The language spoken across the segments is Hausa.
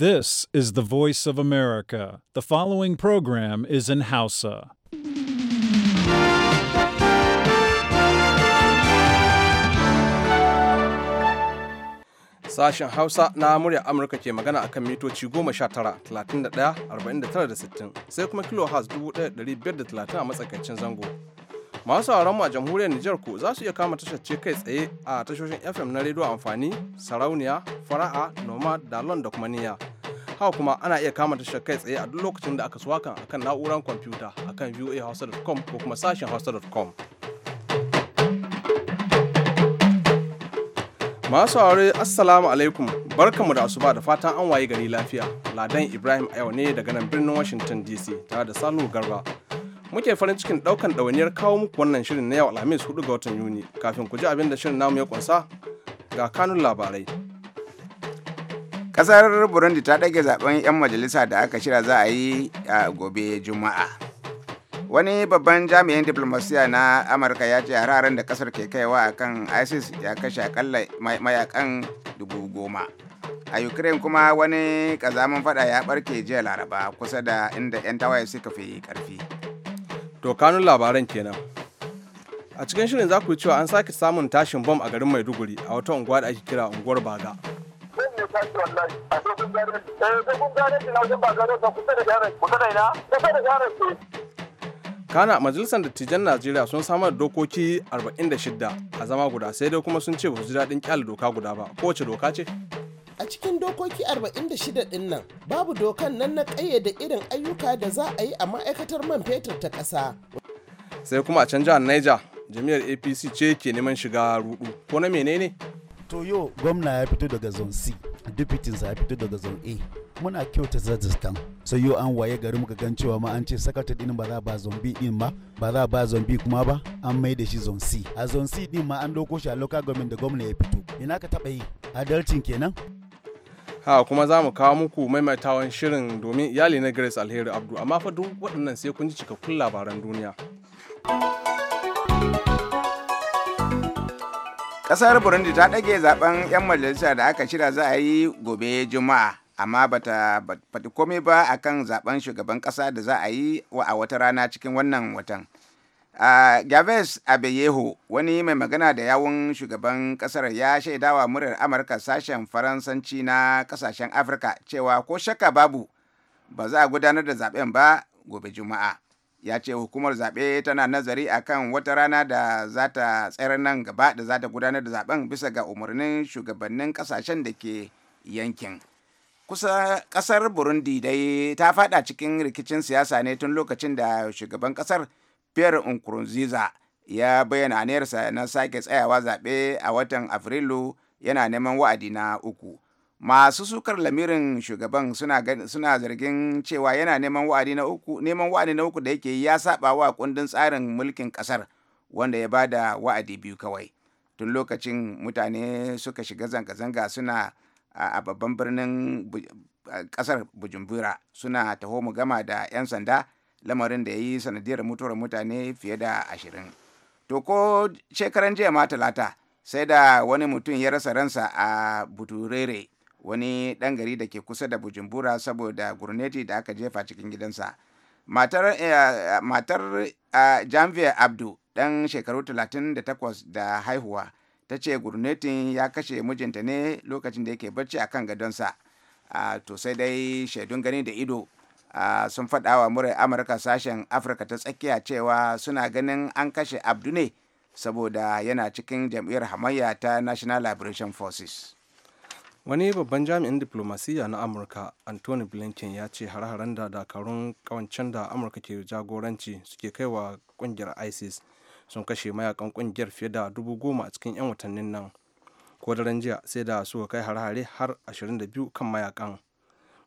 This is the voice of America. The following program is in Hausa. Sashen Hausa na murya Amurka ke magana akan mitoci 19, 31, 49 da 60, sai kuma kilohaz 1530 a matsakaicin zango. masu sauraron a jamhuriyar Nijar ku za su iya kama tashar ce kai tsaye a tashoshin FM na rediyo amfani sarauniya fara'a noma lon da kuma niyya haka kuma ana iya kama tashar kai tsaye a duk lokacin da aka su hakan akan na'urar kwamfuta akan voahausa.com ko kuma sashen hausa.com masu aure assalamu alaikum barkamu da asuba da fatan an waye gari lafiya ladan ibrahim a ne daga nan birnin washington dc tare da salu garba muke farin cikin daukan ɗawainiyar kawo muku wannan shirin na yau alhamis 4 ga watan yuni kafin ku ji abin da shirin namu ya kunsa ga kanun labarai kasar burundi ta dage zaben 'yan majalisa da aka shira za a yi a gobe juma'a wani babban jami'in diplomasiya na amurka ya ce hararen da kasar ke kaiwa akan isis ya kashe akalla mayakan dubu goma a ukraine kuma wani kazamin fada ya barke jiya laraba kusa da inda 'yan tawaye suka fi karfi Dokanun kanun labaran kenan. A cikin shirin za ku yi cewa an sake samun tashin bom a garin Maiduguri a wata unguwa da ake kira unguwar Baga. Kana majalisar dattijan Najeriya sun samar da dokoki 46 a zama guda sai dai kuma sun ce ba su ji daɗin kyale doka guda ba kowace doka ce? a cikin dokoki 46 ɗin nan babu dokan nan na ƙayyade irin ayyuka da za a yi a ma'aikatar man fetur ta ƙasa sai kuma a can jihar niger jami'ar apc ce ke neman shiga rudu ko na menene to yo gwamna ya fito daga zone c deputin ya fito daga zone a muna kyauta zazzistan sai yo an waye gari muka gan cewa ma an ce sakata din ba za ba zombi din ba ba za ba zombi kuma ba an mai da shi zone c a zone c din ma an doko shi a local government da gwamna ya fito ina ka taba yi adalcin kenan ha kuma za mu kawo muku maimaitawan shirin domin iyali na grace alheri abdu amma fa duk waɗannan sai kun ji cikakkun labaran duniya kasar burundi ta ɗage zaben 'yan majalisa da aka shirya za a yi gobe juma'a amma bata faɗi komai ba akan zaben shugaban ƙasa da za a yi a wata rana cikin wannan watan a Gaves Abeyeho wani mai magana da yawun shugaban kasar ya shaidawa murar Amurka sashen Faransanci na kasashen Afirka cewa ko shakka babu ba za a gudanar da zaben ba gobe Juma'a. Ya ce hukumar zaɓe tana nazari a kan wata rana da za ta tsayar nan gaba da za ta gudanar da zaben bisa ga umarnin shugabannin kasashen da ke yankin. kusa kasar burundi dai ta fada cikin rikicin siyasa ne tun lokacin da shugaban kasar pierre nkurunziza ya bayyana aniyarsa na sake tsayawa zaɓe a watan afrilu yana neman wa'adi na uku masu sukar lamirin shugaban suna, zargin cewa yana neman wa'adi na uku neman wa'adi na uku da yake ya saba wa kundin tsarin mulkin kasar wanda ya bada wa'adi biyu kawai tun lokacin mutane suka shiga zanga-zanga suna a babban birnin kasar bujumbura suna taho mu gama da 'yan sanda lamarin da ya yi sanadiyar mutuwar mutane fiye da ashirin to ko shekaran jiya ma talata sai da wani mutum ya rasa ransa a buturere wani ɗan gari da ke kusa da bujumbura saboda gurneti da aka jefa cikin gidansa matar, eh, matar eh, janvier abdu ɗan shekaru talatin da takwas da haihuwa ta ce gurnetin ya kashe mijinta ne lokacin da yake bacci a kan gadonsa ah, to sai dai shaidun gani da ido sun faɗa wa murar amurka sashen afirka ta tsakiya cewa suna ganin an kashe abdu ne saboda yana cikin jam'iyyar hamayya ta national liberation forces wani babban jami'in diplomasiya na amurka anthony blinken ya ce har-haren da dakarun kawancen da amurka ke jagoranci suke kaiwa kungiyar isis sun kashe mayakan kungiyar fiye da dubu goma a cikin 'yan watannin nan ko daren jiya sai da suka kai har-hare har 22 kan mayakan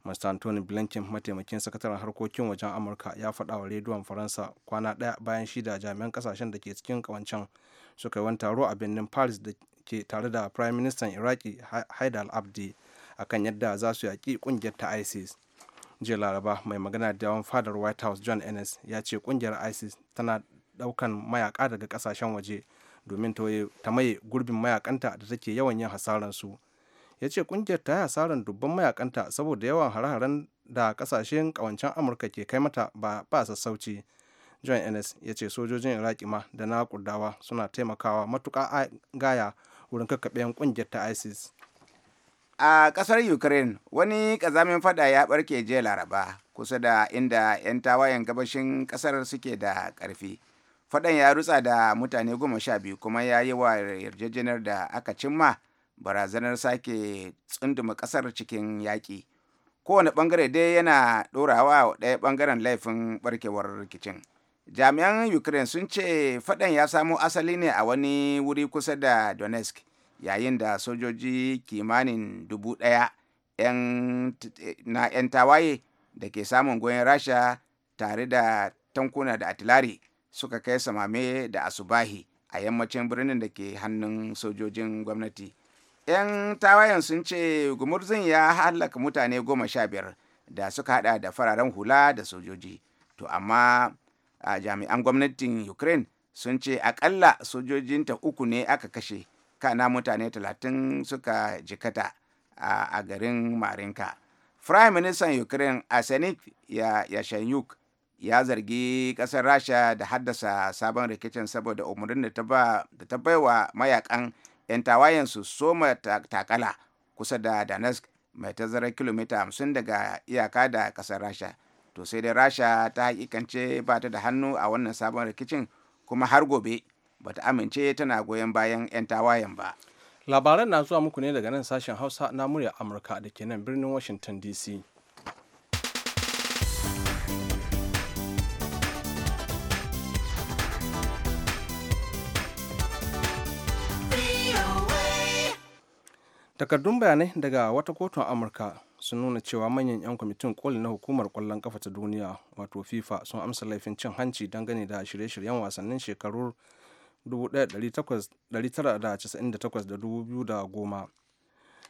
mr anthony blinken mataimakin sakataren harkokin wajen amurka ya faɗa wa rediyon faransa kwana ɗaya bayan shi da jami'an kasashen da ke cikin kawancen suka yi wani taro a birnin paris da ke tare da prime minister iraki haidar al-abdi akan yadda za su yaƙi ƙungiyar ta isis jiya laraba mai magana da yawan fadar white house john ennis ya ce ƙungiyar isis tana ɗaukan mayaka daga ƙasashen waje domin ta maye gurbin mayakanta da take yawan yin hasaransu ya ce kungiyar ta yi hasarar dubban mayakanta saboda yawan hare-haren da kasashen kawancen amurka ke kai mata ba ba sassauci john ennis ya ce sojojin iraki ma da na kurdawa suna taimakawa matuka a gaya wurin kakkaɓen kungiyar ta isis a kasar ukraine wani kazamin fada ya barke jiya laraba kusa da inda 'yan tawayen gabashin kasar suke da karfi fadan ya rutsa da mutane goma sha biyu kuma ya yi wa yarjejeniyar da aka cimma barazanar sake tsunduma kasar cikin yaƙi kowane ɓangare dai yana ɗorawa ɗaya ɓangaren laifin ɓarkewar rikicin jami'an ukraine sun ce faɗan ya samo asali ne a wani wuri kusa da donetsk yayin da sojoji kimanin dubu ɗaya eh, na 'yan tawaye da ke samun goyon rasha tare da tankuna da atilari suka kai samame da asubahi a yammacin birnin da ke hannun sojojin gwamnati 'yan tawayen sun ce gumurzin ya halaka mutane goma sha biyar da suka hada da fararen hula da sojoji to amma a jami'an gwamnatin ukraine sun ce akalla sojojinta uku ne aka kashe kana mutane talatin suka jikata a garin marinka prime minister ukraine arsenik yashanyuk ya zargi kasar rasha da haddasa sabon rikicin saboda umarnin da ta baiwa mayakan 'yan tawayen su soma takala kusa da Danask mai tazarar kilomita 50 daga iyaka da kasar Rasha. To sai dai Rasha ta hakikance ba ta da hannu a wannan sabon rikicin kuma har gobe ba ta amince tana goyon bayan 'yan tawayen ba. Labaran na zuwa muku ne daga nan sashen Hausa na murya Amurka da ke nan birnin Washington DC. takardun bayanai daga wata kotun amurka sun nuna cewa manyan 'yan kwamitin koli na hukumar kwallon kafa ta duniya wato fifa sun amsa laifin cin hanci dangane da shirye-shiryen wasannin shekarun 1998 da 2010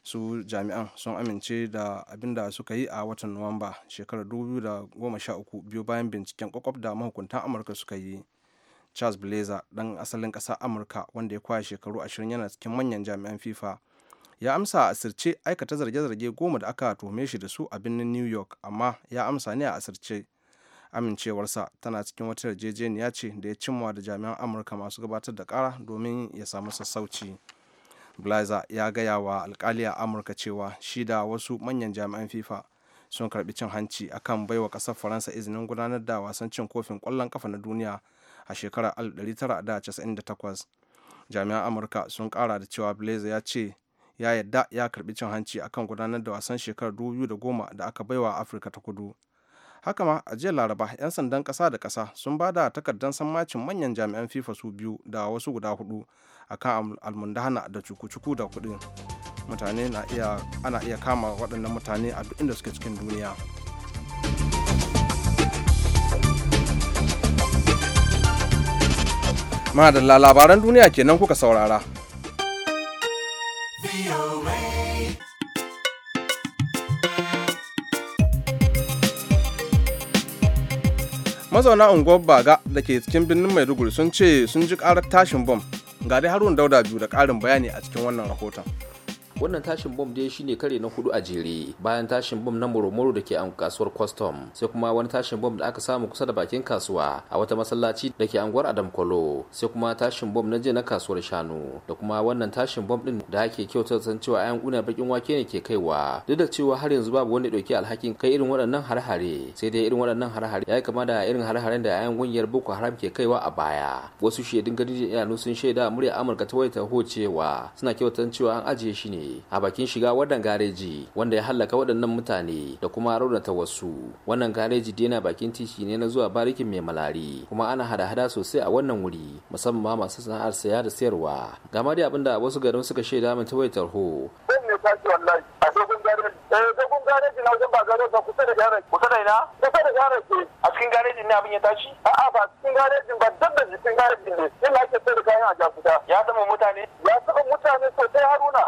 su jami'an sun amince da abin da suka yi a watan nuwamba shekarar 2013 biyu bayan binciken kwakwaf da mahukuntan amurka suka yi charles blazer dan asalin ƙasar amurka wanda ya kwaya shekaru 20 yana cikin manyan jami'an fifa ya amsa a asirce aikata zarge-zarge goma da aka tuhume shi da su a birnin new york amma ya amsa ne a asirce amincewarsa tana cikin wata yarjejeniya ce da ya cimma da jami'an amurka masu gabatar da kara domin ya samu sassauci blazer ya gaya wa alkali a amurka cewa shi da wasu manyan jami'an fifa sun karbi cin hanci akan baiwa kasar faransa izinin gudanar da wasan cin kofin kwallon kafa na duniya a shekarar 1998 jami'an amurka sun kara da cewa blazer ya ce ya yadda ya karbi cin hanci akan gudanar da wasan shekarar 2010 da aka baiwa afirka ta kudu haka ma a jiya laraba 'yan sandan kasa da kasa sun ba da takardar sammacin manyan jami'an fifa su biyu da wasu guda hudu akan almundahana da cuku-cuku da kudin mutane iya ana iya kama waɗannan mutane a duk inda suke cikin duniya madalla labaran duniya kenan kuka saurara mazauna unguwar baga da ke cikin birnin maiduguri sun ce sun ji karar tashin bom ga dai haruna dauda biyu da karin bayani a cikin wannan rahoton wannan tashin bom dai shine kare na hudu a jere bayan tashin bom na muromoro da ke an kasuwar custom sai kuma wani tashin bom da aka samu kusa da bakin kasuwa a wata masallaci da ke anguwar adam kwalo sai kuma tashin bom na je na kasuwar shanu da kuma wannan tashin bom din da ake kyautar san cewa ayan kuna bakin wake ne ke kaiwa duk da cewa har yanzu babu wani dauki alhakin kai irin waɗannan harhare. sai dai irin waɗannan harhare ya ya kama da irin harharen da ayan gungiyar boko haram ke kaiwa a baya wasu shaidun gari sun shaida murya amurka ta waya ta cewa suna kyautar cewa an ajiye shi ne a bakin shiga wannan gareji wanda ya hallaka waɗannan mutane da kuma raunata wasu wannan gareji da yana bakin titi ne na zuwa barikin mai malari kuma ana hada-hada sosai a wannan wuri musamman ma masu sana'ar saya da sayarwa ga ma dai abinda wasu garin suka shaida min ta wayar tarho. Zan ne wallahi a dogon gareji eh dogon gareji na wajen ba gareji ba kusa da gareji kusa da ina kusa da a cikin gareji ne abin ya tashi ba cikin ba duk da cikin gareji ne ina ake sai da kayan a jakuta ya mutane ya mutane sosai haruna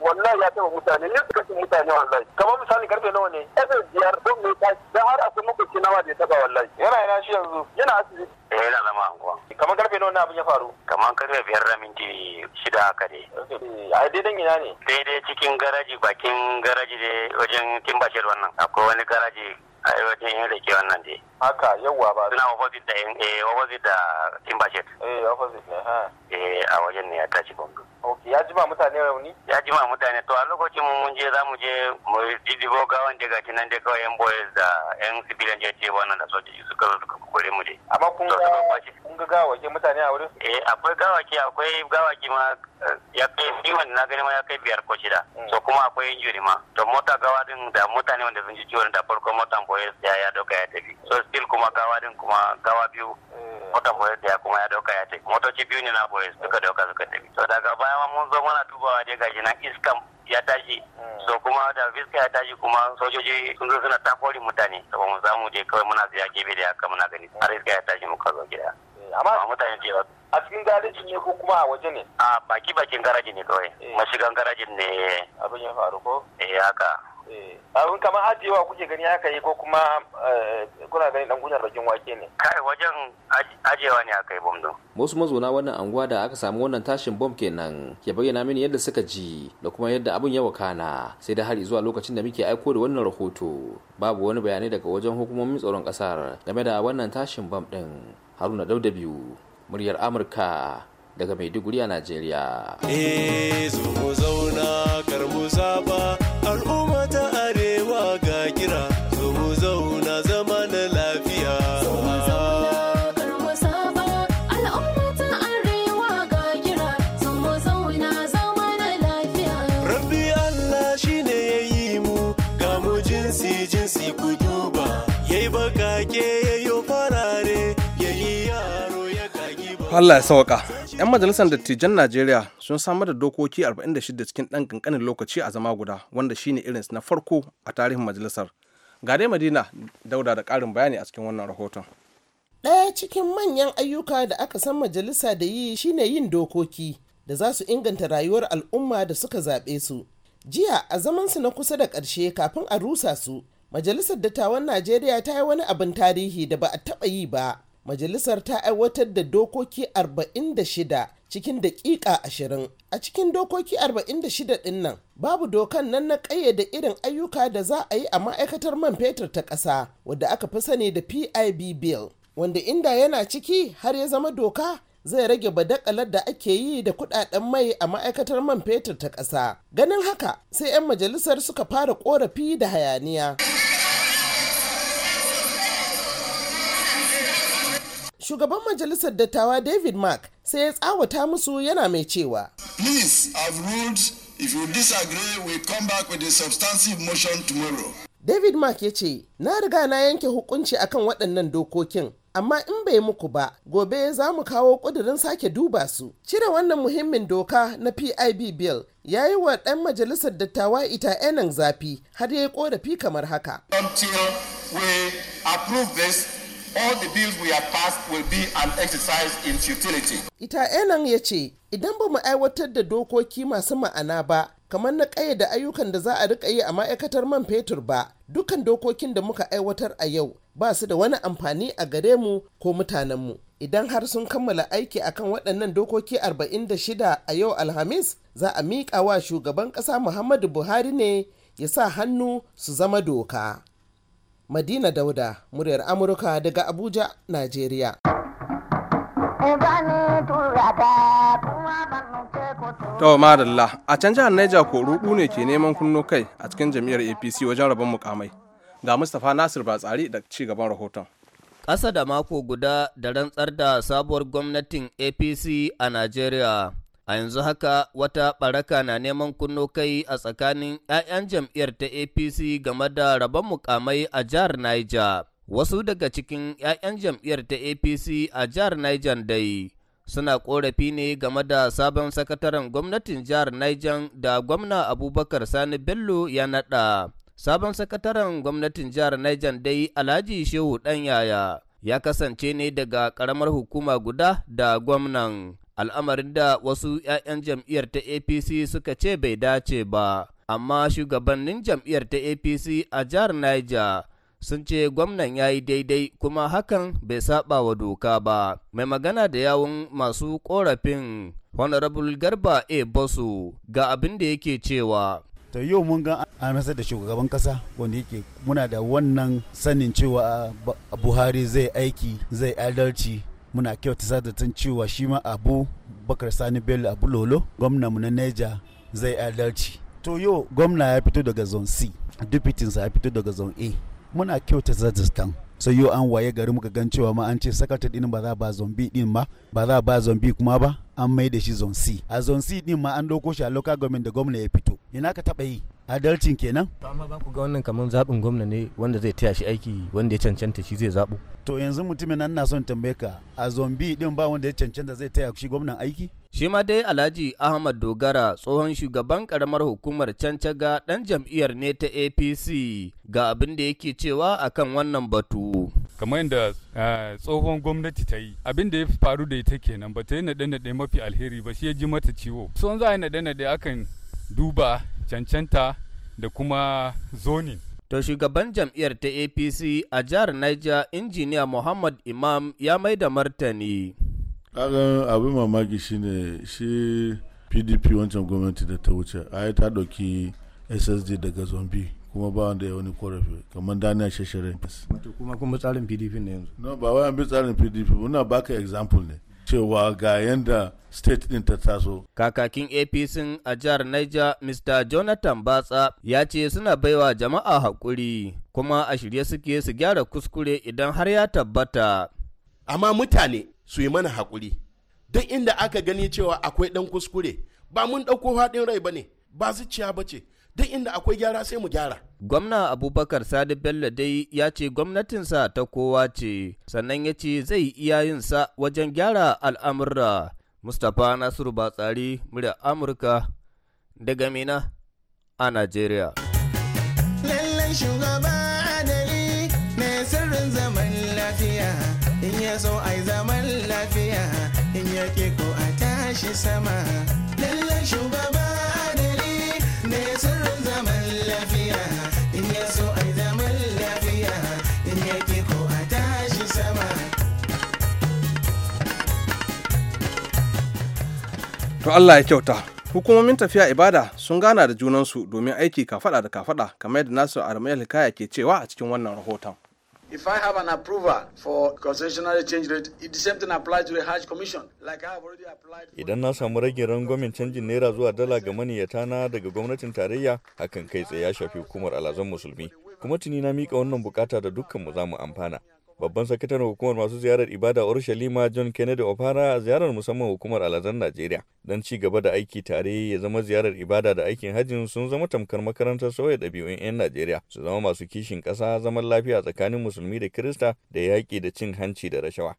wallahi ya taba mutane ne suka mutane wallahi kamar misali karfe nawa ne ƙarfe biyar don mai tashi da har akwai makwabci nawa da ya taba wallahi yana yana shi yanzu yana asibiti eh yana zama anguwa kamar karfe nawa ne abin ya faru kamar karfe biyar da minti shida haka ne a ina ne daidai cikin garaji bakin garaji garaji da wajen timbashir wannan akwai wani garaji a wajen yin rake wannan dai haka yawa ba suna opposite da eh opposite da Timbashet. eh opposite ne ha eh a wajen ne ya tashi bombe okay ya jima mutane rauni ya jima mutane to a lokacin mun mun je za mu je mu jidibo gawan daga kinan da kawai yan boys da yan civilian je ce wannan da sojoji su zo suka kore mu je amma kun ga kun ga gawake mutane a wurin eh akwai gawaki. akwai gawaki ma eh, ya kai biwan na gani ma ya kai biyar ko shida mm. so kuma akwai injuri ma to mota gawa din da mutane wanda sun ji ciwon da farko motan boys ya ya doka ya tafi so still kuma gawa din kuma gawa biyu eh. mota boye da kuma ya dauka ya ce motoci biyu ne na boye suka dauka suka tafi to daga baya mun zo muna dubawa dai gashi nan iskan ya tashi so hmm. kuma da viska ya tashi kuma sojoji sun zo suna takori mutane to mun zamu je kawai muna tsaya gefe da haka muna gani har iska ya tashi muka zo gida eh, amma mutane da a cikin garaji ne ko kuma a waje ne a baki bakin garaji ne kawai eh. mashigan garajin ne abin ya faru ko eh haka Eh. abin kamar ajiyewa kuke gani haka yi ko kuma eh, kuna gani dan gudan ragin wake ne kai wajen ajiyewa ne aka yi bom din wasu mazauna wannan anguwa da aka samu wannan tashin bom kenan ke bayyana mini yadda suka ji da kuma yadda abin ya wakana sai da har zuwa lokacin da muke aiko da wannan rahoto babu wani bayanai daga wajen hukumomin tsaron kasar game da wannan tashin bom din haruna dauda biyu muryar amurka daga maiduguri a najeriya eh zo zauna karmu saba Allah ya sauka. 'Yan majalisar dattijan Najeriya sun samar da dokoki 46 cikin ɗan ƙanƙanin lokaci a zama guda wanda shine irinsu na farko a tarihin majalisar. Ga dai Madina dauda da ƙarin bayani a cikin wannan rahoton. Ɗaya cikin manyan ayyuka da aka san majalisa da yi shine yin dokoki da za su inganta rayuwar al'umma da suka zaɓe su. Jiya a zamansu na kusa da ƙarshe kafin a rusa su, Majalisar Dattawan Najeriya ta yi wani abin tarihi da ba a taɓa yi ba. majalisar ta aiwatar da dokoki 46 cikin daƙiƙa 20 a cikin dokoki 46 ɗin nan babu dokan nan na ƙayyade irin ayyuka da za a yi a ma'aikatar man fetur ta ƙasa wadda aka fi sani da pib bill wanda inda yana ciki har ya zama doka zai rage badakalar da ake yi da kudaden mai a ma'aikatar man fetur ta ƙasa ganin haka sai 'yan majalisar suka fara korafi da hayaniya shugaban majalisar dattawa david mark sai ya tsawata musu yana mai cewa please have ruled if you disagree we come back with a substantive motion tomorrow david mark ya ce na riga na yanke hukunci akan waɗannan dokokin amma in bai muku ba gobe za mu kawo ƙudurin sake duba su cire wannan muhimmin doka na pib bill ya yi wa ɗan majalisar dattawa ita enan zafi har ya yi ƙorafi kamar haka until we approve this all the bills we have passed will be an exercise in futility. Ita Elan ya ce, idan ba mu aiwatar da dokoki masu ma'ana ba, kamar na ƙayyada ayyukan da za a riƙa yi a ma'aikatar man fetur ba, dukkan dokokin da muka aiwatar a yau ba su da wani amfani a gare mu ko mutanenmu. Idan har sun kammala aiki akan waɗannan dokoki arba'in da shida a yau Alhamis, za a miƙa wa shugaban ƙasa Muhammadu Buhari ne ya sa hannu su zama doka. Madina Dauda, muryar Amurka daga Abuja, Najeriya. To madalla a can jihar Niger ko rudu ne ke neman kunno kai a cikin jam'iyyar APC wajen rabon mukamai. Ga Mustapha Nasir Batsari da ci gaban rahoton. Ƙasa da mako guda da rantsar da sabuwar gwamnatin APC a Najeriya. A yanzu haka wata ɓaraka na neman kunno kai a tsakanin 'ya'yan jam'iyyar ta APC game da rabon mukamai a jihar Niger. Wasu daga cikin 'ya'yan jam'iyyar ta APC a jihar Niger dai suna korafi ne game da sabon sakataren gwamnatin jihar Niger da gwamna Abubakar Sani Bello ya naɗa. Sabon sakataren gwamnatin jihar Niger dai Alhaji Shehu Ɗanyaya ya kasance ne daga karamar hukuma guda da gwamnan. al'amarin da wasu 'ya'yan jam'iyyar ta apc suka ce bai dace ba amma shugabannin jam'iyyar ta apc a jihar niger sun ce gwamnan ya yi daidai kuma hakan bai saba wa doka ba mai magana da yawun masu korafin honorable garba a bosu ga abin da yake cewa to yau mun ga an rantsar da shugaban kasa wanda yake muna da wannan sanin cewa buhari zai aiki zai adalci muna kyauta zaton cewa shi ma abu bakar sani bello abu lolo mu na neja zai adalci to yo gwamna ya fito daga zone c sa ya fito daga zone a muna kyauta tan sai so yo an waye gari muka gan cewa ma an ce sakata din ba za ba zombi din ma ba za ba zombi kuma ba an mai da shi zone c a zone c din ma an doko shi a local government da gwamna ya fito ina ka taba yi adalcin kenan to amma ba ku ga wannan kamar zaɓin gwamna ne wanda zai taya shi aiki wanda ya cancanta shi zai zaɓo to yanzu mutumin nan na son tambaye ka a zombi din ba wanda ya cancanta zai taya shi gwamnan aiki shi ma dai alhaji ahmad dogara tsohon shugaban karamar hukumar cancaga dan jam'iyyar ne ta apc ga abin da yake cewa akan wannan batu kamar yadda eh, tsohon gwamnati ta yi abin da ya faru da ita kenan ba ta yi naɗe-naɗe mafi alheri ba shi ya ji mata ciwo tsohon za a yi naɗe-naɗe akan duba cancanta da kuma zonin To shugaban jam'iyyar ta APC a jihar Niger injiniya Muhammad Imam ya mai da martani. Kagan abin mamaki shine shi PDP wancan gwamnati da ta wuce yi ta ɗauki SSD daga zombi kuma ba wanda ya wani korafi kamar Daniel Sheshere. Wato kuma kuma tsarin PDP ne yanzu. No ba wai an bi tsarin PDP muna baka example ne. cewa ga yanda state din ta taso. Kakakin APC a jihar Niger, Mr. Jonathan Batsa ya ce suna baiwa jama'a hakuri kuma a shirye suke su gyara kuskure idan har ya tabbata. Amma mutane su yi mana hakuri Duk inda aka gani cewa akwai ɗan kuskure, ba mun ɗauko haɗin rai ba ne, ba zuciya ba ce. duk inda akwai gyara sai mu gyara. Gwamna Abubakar Sadi Bello dai ya ce gwamnatinsa ta kowa ce, sannan ya ce zai iya yin sa wajen gyara al'amura. Mustapha Nasiru Batsari, murya Amurka, daga Mina a Najeriya. Lallai shugaba adali mai sirrin zaman lafiya, in ya so ai zaman lafiya, in ya ko a tashi sama. Lallai shugaba To Allah ya kyauta. Hukumomin tafiya ibada sun gana da junansu domin aiki kafada da kafada kamar yadda Nasiru Adamu Hikaya ke cewa a cikin wannan rahoton. If I have an approval for concessionary change rate, the same thing applies to a Hajj commission. Like I have already applied. Idan na samu rage rangwamen canjin naira zuwa dala ga maniyata na daga gwamnatin tarayya, hakan kai tsaye ya shafi hukumar alazan musulmi. Kuma tuni na mika wannan bukata da dukkan mu za mu amfana. Babban sakataren hukumar masu ziyarar ibada Urushalima John Kennedy a ziyarar musamman hukumar alazan Najeriya don ci gaba da aiki tare ya zama ziyarar ibada da aikin hajjin sun zama tamkar makarantar sauya ɗabi'un 'yan Najeriya su zama masu kishin ƙasa zaman lafiya tsakanin musulmi da Kirista da yaƙi da cin hanci da rashawa.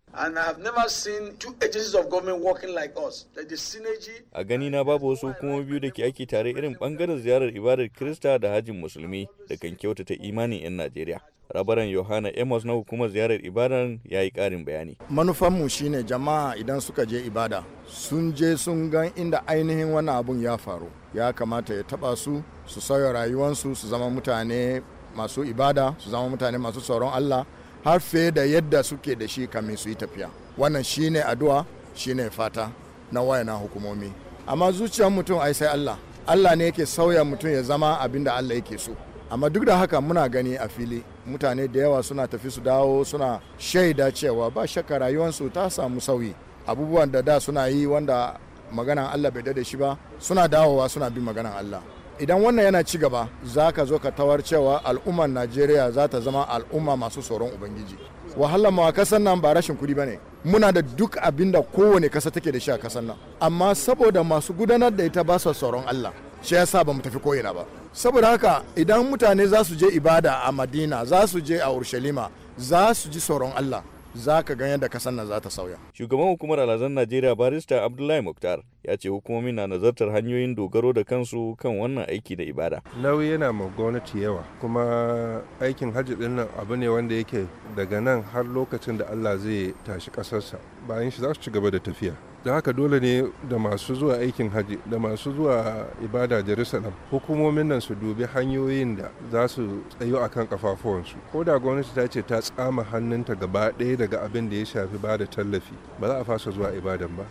A gani na babu wasu hukumomi biyu da ke aiki tare irin bangaren ziyarar ibadar Kirista da hajjin musulmi da kan kyautata imanin 'yan Najeriya. Rabaran Yohana Amos na hukumar ziyarar ziyarar ibadan ya yi ƙarin bayani. Manufanmu shine jama'a idan suka je ibada sun je sun gan inda ainihin wani abun ya faru ya kamata ya taba su su sauya rayuwansu su zama mutane masu ibada su zama mutane masu tsoron Allah har fiye da yadda suke da shi kamin su yi tafiya. Wannan shine addu'a shine fata na na hukumomi. Amma zuciyar mutum ai sai Allah. Allah ne yake sauya mutum ya zama abin da Allah yake so. amma duk da haka muna gani a fili mutane da yawa suna tafi su dawo suna shaida cewa ba shakka rayuwarsu ta samu sauyi abubuwan da da suna yi wanda maganan Allah bai dade shi ba suna dawowa suna bi maganan Allah idan wannan yana ci gaba za ka zo ka tawar cewa al'ummar najeriya za ta zama al'umma masu tsoron ubangiji wahala a kasan nan ba rashin kuɗi ba ne muna da duk abinda kowane kasa take da shi a kasan nan amma saboda masu gudanar da ita ba su tsoron allah shi ya sa ba mu tafi koyina ba saboda haka idan mutane za su je ibada a madina za su je a urshalima za su ji tsoron allah za ka gan yadda kasan nan za ta sauya shugaban hukumar alhazan najeriya barista abdullahi muktar ya ce hukumomi na nazartar hanyoyin dogaro da kansu kan wannan aiki da ibada. Nauyi yana ma gwamnati yawa kuma aikin hajji ɗin nan abu ne wanda yake daga nan har lokacin da Allah zai tashi ƙasarsa bayan shi za su ci gaba da tafiya. da haka dole ne da masu zuwa aikin hajji da masu zuwa ibada jerusalem hukumomin nan su dubi hanyoyin da za su tsayo akan kafafuwansu ko da gwamnati ta ce ta tsama hannunta gaba ɗaya daga abin da ya shafi ba da tallafi ba za a fasa zuwa ibadan ba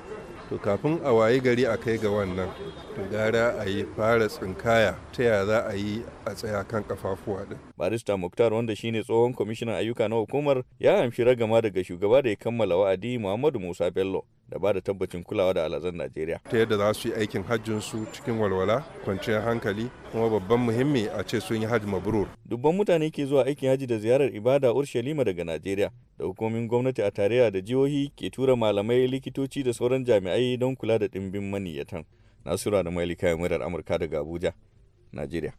to kafin a wayi gari a kai ga wannan to gara a yi fara tsinkaya ta ya za a yi a tsaya kan kafafuwa din barista muktar wanda shine tsohon kwamishinan ayyuka na hukumar ya amshi ragama daga shugaba da ya kammala wa'adi muhammadu musa bello da ba da tabbacin kulawa da alazan Najeriya. Ta yadda za su yi aikin su cikin walwala, kwanciyar hankali, kuma babban muhimmi a ce sun yi hajji mabrur. Dubban mutane ke zuwa aikin hajji da ziyarar ibada Urshalima daga Najeriya. Da hukumomin gwamnati a tarayya da jihohi ke tura malamai, likitoci da sauran jami'ai don kula da ɗimbin maniyatan. Nasura da Mailika murar Amurka daga Abuja, Najeriya.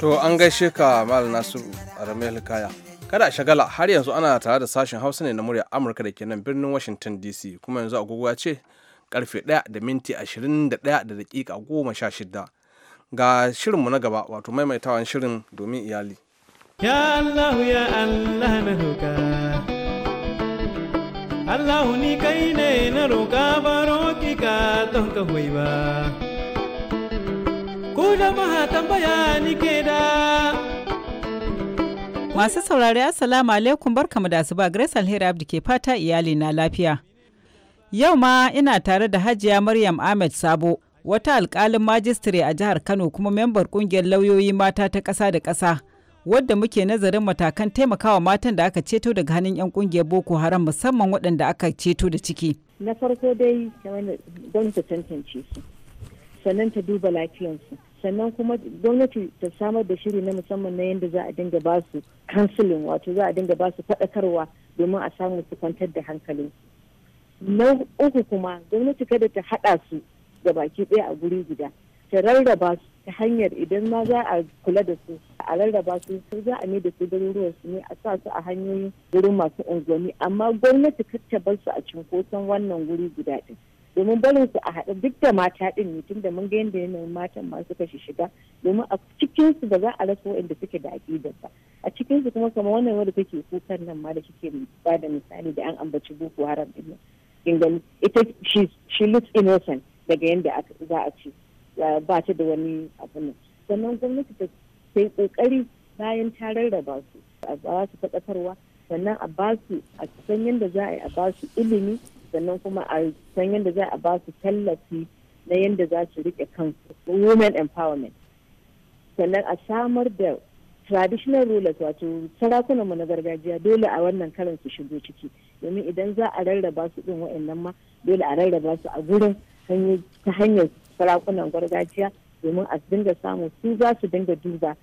To an gaishe ka Mal Nasiru Aramel Kaya. Kada a shagala har yanzu ana tare da sashen Hausa ne na muryar Amurka da ke nan birnin Washington DC kuma yanzu agogo ya ce karfe 1 da minti 21 da dakika 16. Ga shirinmu na gaba wato maimaitawan shirin domin iyali. Ya Allah ya Allah na roka. Allah ni kai ne na roka ba ki ka don ka ba. Ku jama'a tambaya ni ke da Masu saurari Assalamu alaikum barkamu da asuba Grace Alheri Abdi ke fata iyali na lafiya. Yau ma ina tare da Hajiya Maryam Ahmed Sabo, wata alkalin majistare a jihar Kano kuma membar kungiyar lauyoyi mata ta ƙasa da ƙasa, wadda muke nazarin matakan taimakawa matan da aka ceto daga hannun 'yan kungiyar Boko Haram musamman waɗanda aka ceto da ciki. Na farko dai gwamnati tantance su, sannan ta duba lafiyansu. sannan kuma gwamnati ta samar da shiri na musamman na yadda za a dinga ba su kansilin wato za a dinga ba su faɗakarwa domin a samu su kwantar da hankali na uku kuma gwamnati kada ta haɗa su ga baki ɗaya a guri guda ta rarraba su ta hanyar idan ma za a kula da su a rarraba su su za a da su garuruwan su ne a sa su a hanyoyin wurin masu unguwanni amma gwamnati kar ta bar su a cinkoson wannan guri guda ɗin domin barin su a haɗa duk da mata ɗin ne tun da mun ga yadda yanayin matan ma suka shiga domin a cikin ba za a rasa waɗanda suke da aƙidar ba a cikinsu su kuma kamar wannan wanda take kukan nan ma da kike ba da misali da an ambaci boko haram ɗin kin gani ita she looks innocent daga yadda za a ce ba ta da wani abu ne sannan gwamnati ta yi ƙoƙari bayan ta rarraba su a ba su ƙasarwa sannan a ba su a san yadda za a yi a ba su ilimi sannan kuma a san yadda za a ba su tallafi na yadda za su riƙe kansu women empowerment sannan a samar da traditional rulers wato mu na gargajiya dole a wannan karin su shigo ciki domin idan za a rarraba su din wa'annan ma dole a rarraba su a gurin ta hanyar sarakunan gargajiya domin a dinga samu su za su dinga duba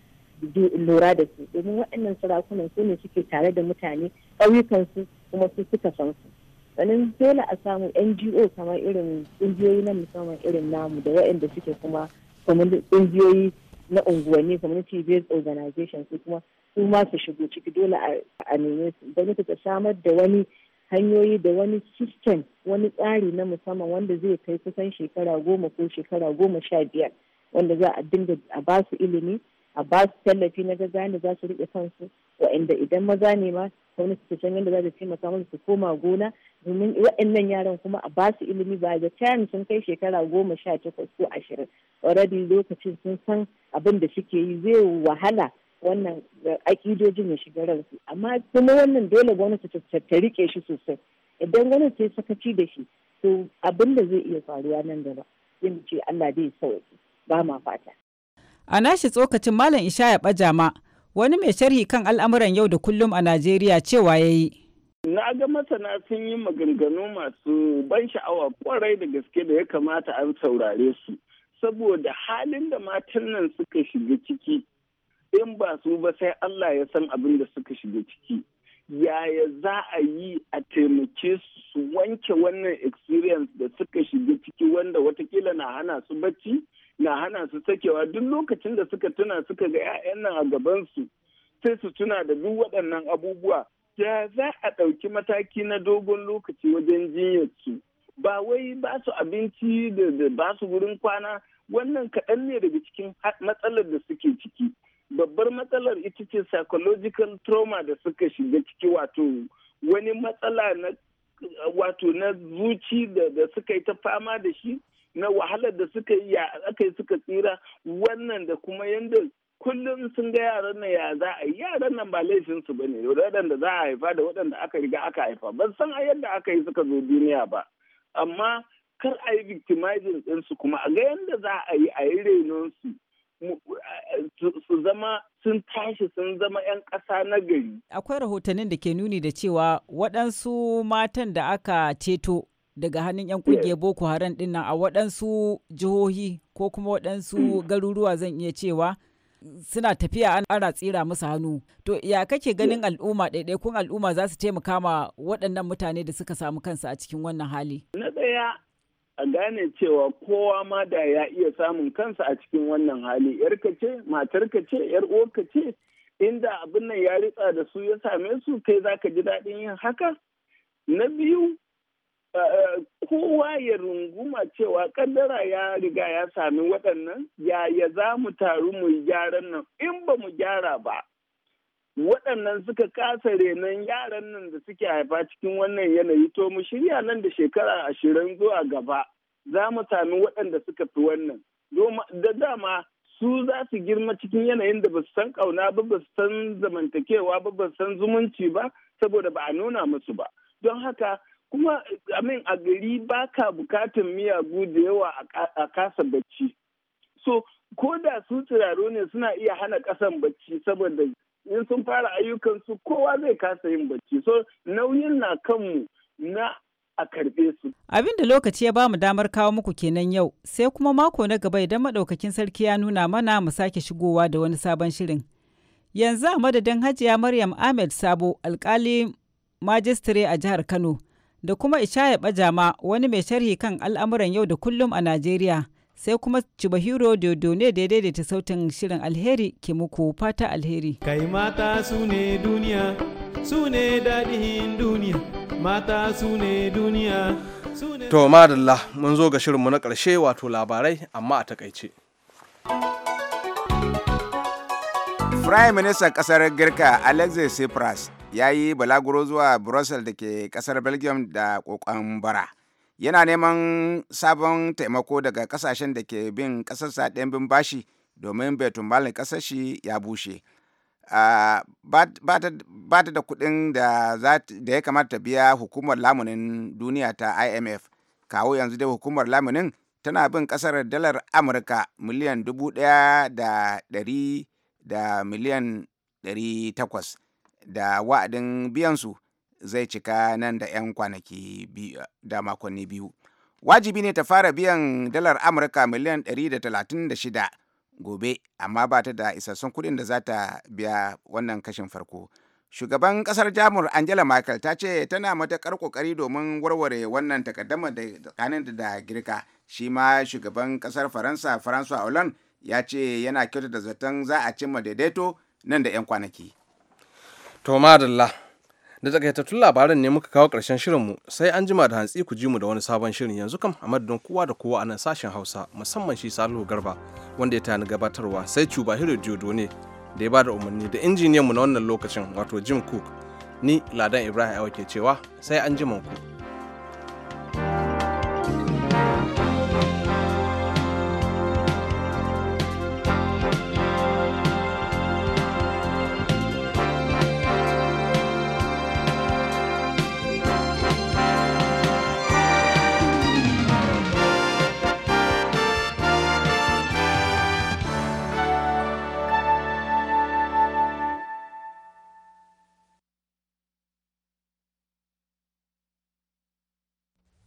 lura da su domin waɗannan sarakunan su ne suke tare da mutane ƙauyukansu kuma su suka san su sannan dole a samu ngo kamar irin ƙungiyoyi na musamman irin namu da waɗanda suke kuma ƙungiyoyi na unguwanni community based organization su kuma su ma su shigo ciki dole a neme su don ta samar da wani hanyoyi da wani system wani tsari na musamman wanda zai kai kusan shekara goma ko shekara goma sha biyar wanda za a dinga a ba su ilimi a ba su tallafi na gaggawa da za su riƙe kansu waɗanda idan maza ne ma gwamnati ta san yadda za ta taimaka musu su koma gona domin waɗannan yaran kuma a basu ilimi ba da tayan sun kai shekara goma sha takwas ko ashirin already lokacin sun san abin da suke yi zai wahala wannan akidojin ya shiga ransu amma kuma wannan dole gwamnati ta ke shi sosai idan gwamnati ta sakaci da shi to abin da zai iya faruwa nan gaba zai ce Allah dai sauki ba ma fata a nashi tsokacin malam isha ishaya ma. wani mai sharhi kan al'amuran yau da kullum a Najeriya cewa ya yi. Na ga masana sun yi maganganu masu ban sha'awa kwarai da gaske da ya kamata an saurare su, saboda halin da matan nan suka shiga ciki, in ba su ba sai Allah ya san abin da suka shiga ciki. Yaya za a yi a taimake su wanke wannan experience da suka shiga ciki wanda watakila na hana su bacci? na hana su sakewa duk lokacin da suka tuna suka ga 'ya'yan nan a gabansu sai su tuna da duk waɗannan abubuwa da za a ɗauki mataki na dogon lokaci wajen jinyarsu ba wai ba su abinci da ba su wurin kwana wannan kaɗan ne daga cikin matsalar da suke ciki babbar matsalar ita ce psychological trauma da suka shiga ciki wato wani matsala wato na zuci da suka yi ta fama da shi na wahalar da suka yi ya aka yi suka tsira wannan da kuma yadda kullum sun ga yaran nan ya za a yi yaran nan ba laifin su bane waɗanda za a haifa da waɗanda aka riga aka haifa ban san a yadda aka yi suka zo duniya ba amma kar a yi victimizing ɗinsu kuma a ga yadda za a yi a yi renon su su zama sun tashi sun zama 'yan ƙasa na gari. Akwai rahotannin da ke nuni da cewa waɗansu matan da aka ceto daga hannun 'yan kungiyar boko haram din nan a waɗansu jihohi ko kuma waɗansu mm. garuruwa zan iya cewa suna tafiya ana tsira musu hannu to ya kake ganin al'umma ɗaiɗaikun al'umma za su taimaka ma waɗannan mutane da suka samu kansu a cikin wannan hali na ɗaya a gane cewa kowa ma da ya iya samun kansa a cikin wannan hali yarka ce matarka ce yar uwarka ce inda abin nan ya ritsa da su ya same su kai zaka ji daɗin yin haka na biyu Eh, eh, kowa ya runguma cewa kaddara ya riga ya sami waɗannan yaya za mu taru mu gyaran nan in ba mu gyara ba waɗannan suka kasa renon yaran nan da suke haifa cikin wannan yanayi to mu shirya nan da shekara ashirin zuwa gaba za mu sami waɗanda suka fi wannan da dama su za su girma cikin yanayin da ba su san ƙauna ba ba su san zamantakewa ba ba su san zumunci ba saboda ba a nuna musu ba don haka kuma min a gari ba ka bukatan miyagu da yawa a kasa bacci so ko da su turaro ne suna iya hana kasan bacci saboda in sun fara ayyukansu kowa zai kasa yin bacci so nauyin na kanmu na a karbe su. Abin da lokaci ya ba mu damar kawo muku kenan yau, sai kuma mako na gaba idan madaukakin sarki ya nuna mana mu sake shigowa da wani sabon shirin. Yanzu a madadin Hajiya Maryam Ahmed Sabo, alkali majistare a jihar Kano, da kuma Ishaya Bajama wani mai sharhi kan al'amuran yau da kullum a Najeriya sai kuma Chibahiro Dodo ne da daidaita sautin shirin alheri ke muku fata alheri. Kai mata su ne duniya, su ne daɗin duniya, mata su ne duniya. To madalla mun zo ga shirinmu na karshe wato labarai amma a takaice. Firayim Ministan ƙasar Girka Alexis Tsipras ya yi balaguro zuwa brussels da ke kasar belgium da kokon bara yana neman sabon taimako daga kasashen da ke bin kasarsa ɗimbin bashi domin malin kasar shi ya bushe bata ba ta da kuɗin da ya kamata ta biya hukumar lamunin duniya ta imf kawo yanzu dai hukumar lamunin tana bin ƙasar dalar amurka miliyan dubu ɗaya da ɗari da miliyan ɗari takwas da wa'adin biyansu zai cika nan da 'yan kwanaki da makonni biyu wajibi ne ta fara biyan dalar amurka miliyan 136 gobe amma ba ta da isassun kuɗin da za ta biya wannan kashin farko shugaban kasar jamur angela merkel ta ce tana matakar kokari domin warware wannan takaddama da tsakanin da girka shi ma shugaban kasar faransa faransa hollande ya ce yana kyauta da zaton za a cimma daidaito nan da 'yan kwanaki To madalla, da takaitattun labaran ne muka kawo ƙarshen mu sai an jima da hantsi ku ji mu da wani sabon shirin yanzu kam a madadin kowa da kowa a nan sashen Hausa musamman shi Salihu Garba wanda ya tani gabatarwa sai Cuba Hiro ne da ya bada umarni da mu na wannan lokacin wato Jim Cook ni Ladan Ibrahim Awa ke cewa sai an jima ku.